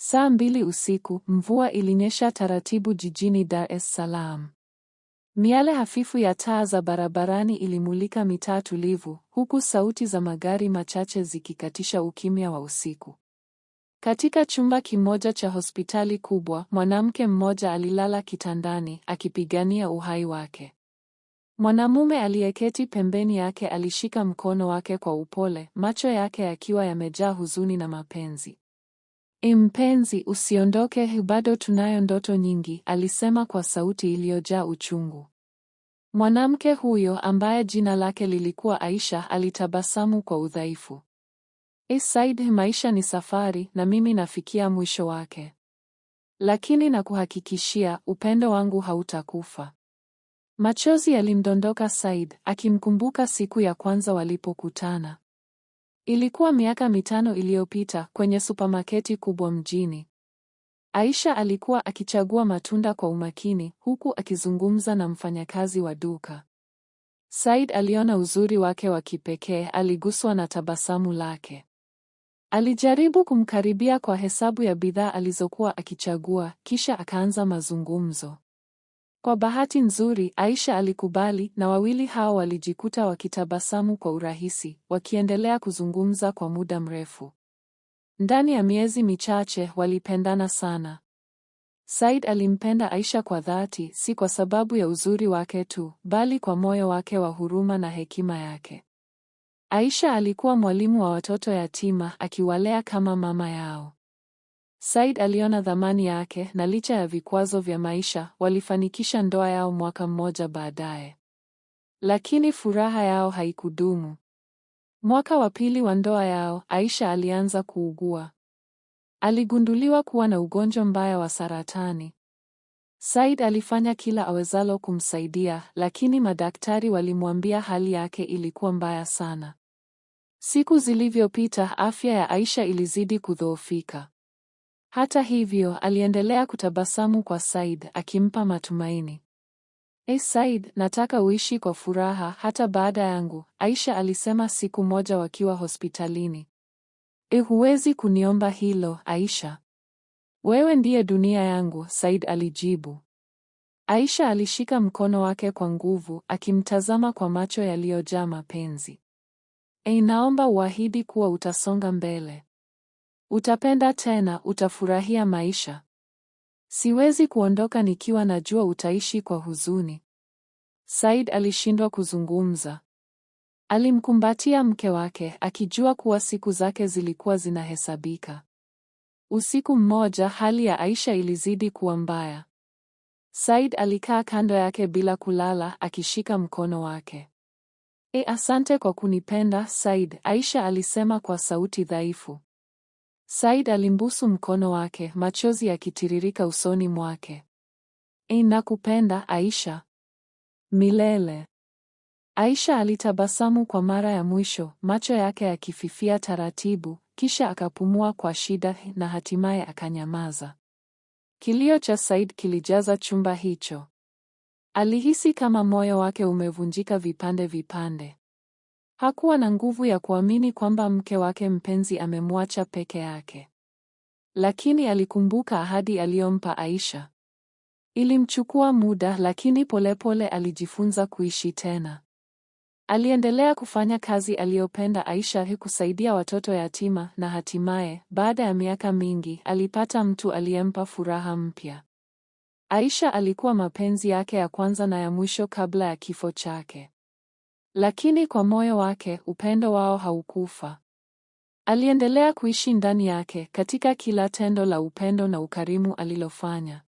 Saa mbili usiku, mvua ilinyesha taratibu jijini Dar es Salaam. Miale hafifu ya taa za barabarani ilimulika mitaa tulivu, huku sauti za magari machache zikikatisha ukimya wa usiku. Katika chumba kimoja cha hospitali kubwa, mwanamke mmoja alilala kitandani akipigania uhai wake. Mwanamume aliyeketi pembeni yake alishika mkono wake kwa upole, macho yake yakiwa yamejaa huzuni na mapenzi mpenzi, usiondoke, bado tunayo ndoto nyingi, alisema kwa sauti iliyojaa uchungu. Mwanamke huyo ambaye jina lake lilikuwa Aisha alitabasamu kwa udhaifu. E, Said, maisha ni safari na mimi nafikia mwisho wake, lakini nakuhakikishia upendo wangu hautakufa. Machozi yalimdondoka Said akimkumbuka siku ya kwanza walipokutana. Ilikuwa miaka mitano iliyopita kwenye supamaketi kubwa mjini. Aisha alikuwa akichagua matunda kwa umakini huku akizungumza na mfanyakazi wa duka. Said aliona uzuri wake wa kipekee, aliguswa na tabasamu lake. Alijaribu kumkaribia kwa hesabu ya bidhaa alizokuwa akichagua, kisha akaanza mazungumzo. Kwa bahati nzuri, Aisha alikubali na wawili hao walijikuta wakitabasamu kwa urahisi, wakiendelea kuzungumza kwa muda mrefu. Ndani ya miezi michache walipendana sana. Said alimpenda Aisha kwa dhati, si kwa sababu ya uzuri wake tu, bali kwa moyo wake wa huruma na hekima yake. Aisha alikuwa mwalimu wa watoto yatima, akiwalea kama mama yao. Said aliona thamani yake na licha ya vikwazo vya maisha, walifanikisha ndoa yao mwaka mmoja baadaye. Lakini furaha yao haikudumu. Mwaka wa pili wa ndoa yao, Aisha alianza kuugua. Aligunduliwa kuwa na ugonjwa mbaya wa saratani. Said alifanya kila awezalo kumsaidia, lakini madaktari walimwambia hali yake ilikuwa mbaya sana. Siku zilivyopita, afya ya Aisha ilizidi kudhoofika. Hata hivyo, aliendelea kutabasamu kwa Said, akimpa matumaini. Hey Said, nataka uishi kwa furaha hata baada yangu, Aisha alisema siku moja wakiwa hospitalini. Eh, huwezi kuniomba hilo, Aisha. Wewe ndiye dunia yangu, Said alijibu. Aisha alishika mkono wake kwa nguvu, akimtazama kwa macho yaliyojaa mapenzi. Ei, naomba uahidi kuwa utasonga mbele. Utapenda tena, utafurahia maisha. Siwezi kuondoka nikiwa najua utaishi kwa huzuni. Said alishindwa kuzungumza. Alimkumbatia mke wake akijua kuwa siku zake zilikuwa zinahesabika. Usiku mmoja hali ya Aisha ilizidi kuwa mbaya. Said alikaa kando yake bila kulala akishika mkono wake. E, asante kwa kunipenda Said, Aisha alisema kwa sauti dhaifu. Said alimbusu mkono wake, machozi yakitiririka usoni mwake. E, nakupenda Aisha, milele. Aisha alitabasamu kwa mara ya mwisho, macho yake yakififia taratibu, kisha akapumua kwa shida na hatimaye akanyamaza. Kilio cha Said kilijaza chumba hicho. Alihisi kama moyo wake umevunjika vipande vipande. Hakuwa na nguvu ya kuamini kwamba mke wake mpenzi amemwacha peke yake. Lakini alikumbuka ahadi aliyompa Aisha. Ilimchukua muda lakini polepole pole alijifunza kuishi tena. Aliendelea kufanya kazi aliyopenda Aisha, kusaidia watoto yatima, na hatimaye baada ya miaka mingi alipata mtu aliyempa furaha mpya. Aisha alikuwa mapenzi yake ya kwanza na ya mwisho kabla ya kifo chake. Lakini kwa moyo wake upendo wao haukufa. Aliendelea kuishi ndani yake katika kila tendo la upendo na ukarimu alilofanya.